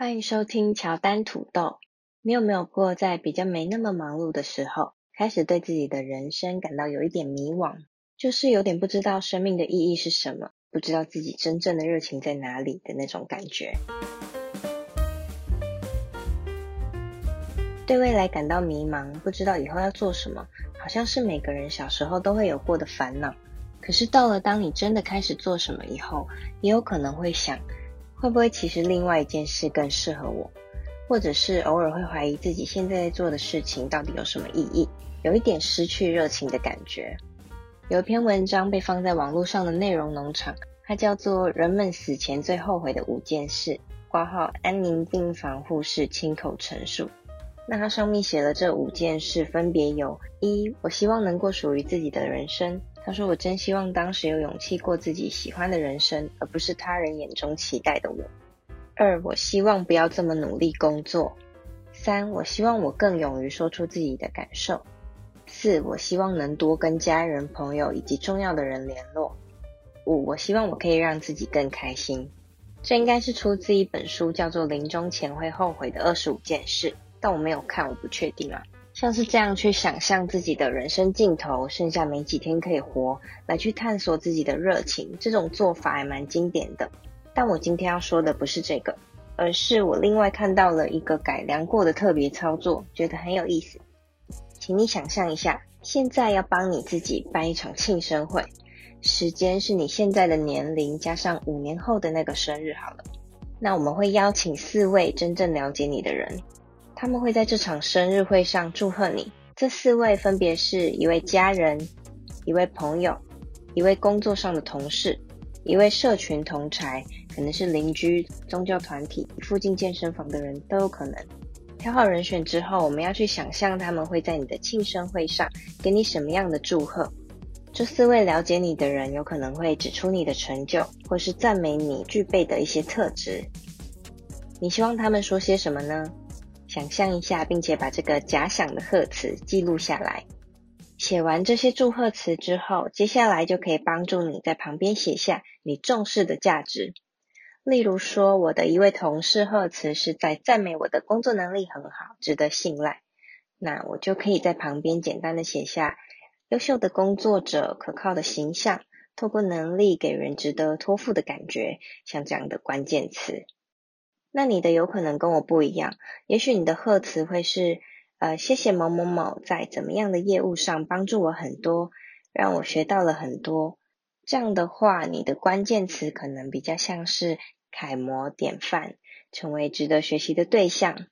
歡迎收聽喬丹土豆。你有沒有過在比較沒那麼忙碌的時候，開始對自己的人生感到有一點迷惘？就是有點不知道生命的意義是什麼，不知道自己真正的熱情在哪裡的那種感覺。對未來感到迷茫，不知道以後要做什麼，好像是每個人小時候都會有過的煩惱。可是到了當你真的開始做什麼以後，也有可能會想，會不會其實另外一件事更適合我？或者是偶爾會懷疑自己現在在做的事情到底有什麼意義？有一點失去熱情的感覺。有一篇文章被放在網絡上的內容農場，它叫做《人們死前最後悔的五件事》（括號安寧病房護士親口陳述）。那它上面寫了這五件事，分別有：一，我希望能過屬於自己的人生。他說：“我真希望當時有勇氣過自己喜歡的人生，而不是他人眼中期待的我。”二，我希望不要這麼努力工作。三，我希望我更勇於說出自己的感受。四，我希望能多跟家人、朋友以及重要的人聯絡。五，我希望我可以讓自己更開心。這應該是出自一本書，叫做《臨終前會後悔的二十五件事》，但我沒有看，我不確定啊。像是這樣去想象自己的人生盡頭，剩下沒幾天可以活，來去探索自己的熱情，這種做法還蠻經典的。但我今天要說的不是這個，而是我另外看到了一個改良過的特別操作，覺得很有意思。請你想象一下，現在要幫你自己辦一場慶生會，時間是你現在的年齡加上五年後的那個生日好了。那我們會邀請四位真正了解你的人。他們會在這場生日會上祝賀你。這四位分別是一位家人、一位朋友、一位工作上的同事、一位社群同儕，可能是鄰居、宗教團體、附近健身房的人都有可能。挑好人選之後，我們要去想象他們會在你的慶生會上給你什麼樣的祝賀。這四位了解你的人，有可能會指出你的成就，或是讚美你具備的一些特質。你希望他們說些什麼呢？想象一下，並且把這個假想的賀詞記錄下來。寫完這些祝賀詞之後，接下來就可以幫助你在旁邊寫下你重視的價值。例如說，我的一位同事賀詞是在讚美我的工作能力很好，值得信賴。那我就可以在旁邊簡單的寫下“優秀的工作者”、“可靠的形象”，透過能力給人值得托付的感覺，像這樣的關鍵詞。那你的有可能跟我不一樣，也許你的賀詞會是，呃，謝謝某某某在怎麼樣的業務上幫助我很多，讓我學到了很多。這樣的話，你的關鍵詞可能比較像是楷模、典範，成為值得學習的對象。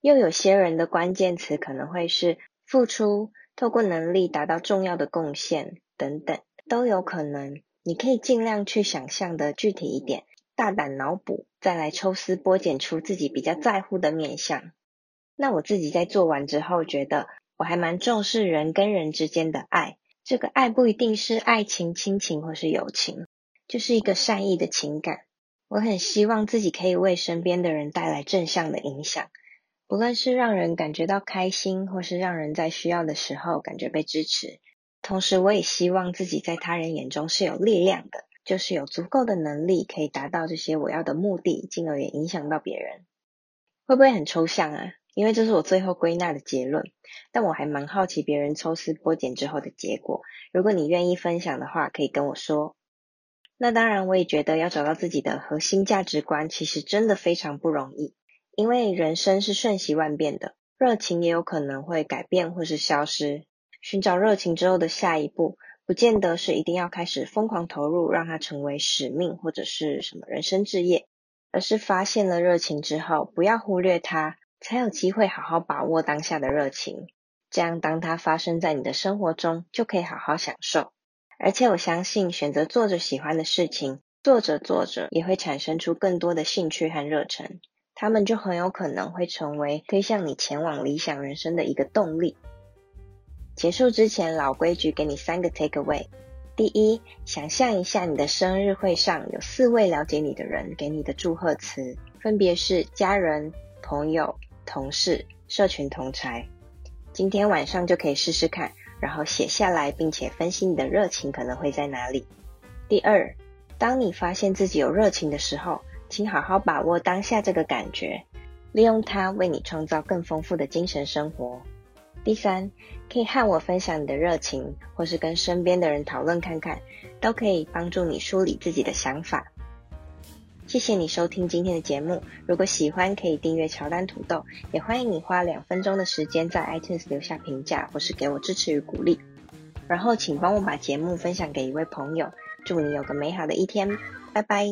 又有些人的關鍵詞可能會是付出，透過能力達到重要的貢獻等等，都有可能。你可以盡量去想象的具體一點。大膽腦補，再來抽絲剝繭出自己比較在乎的面向。那我自己在做完之後，覺得我還蠻重視人跟人之間的愛。這個愛不一定是愛情、親情或是友情，就是一個善意的情感。我很希望自己可以為身邊的人帶來正向的影響，不論是讓人感覺到開心，或是讓人在需要的時候感覺被支持。同時，我也希望自己在他人眼中是有力量的。就是有足夠的能力，可以達到這些我要的目的，進而也影響到別人，會不會很抽象啊？因為這是我最後歸納的結論，但我還蠻好奇別人抽絲剝繭之後的結果。如果你願意分享的話，可以跟我說。那當然，我也覺得要找到自己的核心價值觀，其實真的非常不容易，因為人生是瞬息萬變的，熱情也有可能會改變或是消失。尋找熱情之後的下一步。不見得是一定要開始瘋狂投入，讓它成為使命或者是什麼人生志業，而是發現了熱情之後，不要忽略它，才有機會好好把握當下的熱情。這樣，當它發生在你的生活中，就可以好好享受。而且，我相信選擇做着喜歡的事情，做着做着也會產生出更多的興趣和熱忱，他們就很有可能會成為推向你前往理想人生的一個動力。結束之前，老規矩給你三個 take away。第一，想象一下你的生日會上有四位了解你的人給你的祝賀詞，分別是家人、朋友、同事、社群同儕。今天晚上就可以試試看，然後寫下來，並且分析你的熱情可能會在哪裡。第二，當你發現自己有熱情的時候，請好好把握當下這個感覺，利用它為你創造更豐富的精神生活。第三，可以和我分享你的熱情，或是跟身邊的人討論看看，都可以幫助你梳理自己的想法。謝謝你收聽今天的節目，如果喜歡可以訂閱喬丹土豆，也歡迎你花兩分鐘的時間在 iTunes 留下評價，或是給我支持與鼓勵。然後，請幫我把節目分享給一位朋友。祝你有個美好的一天，拜拜。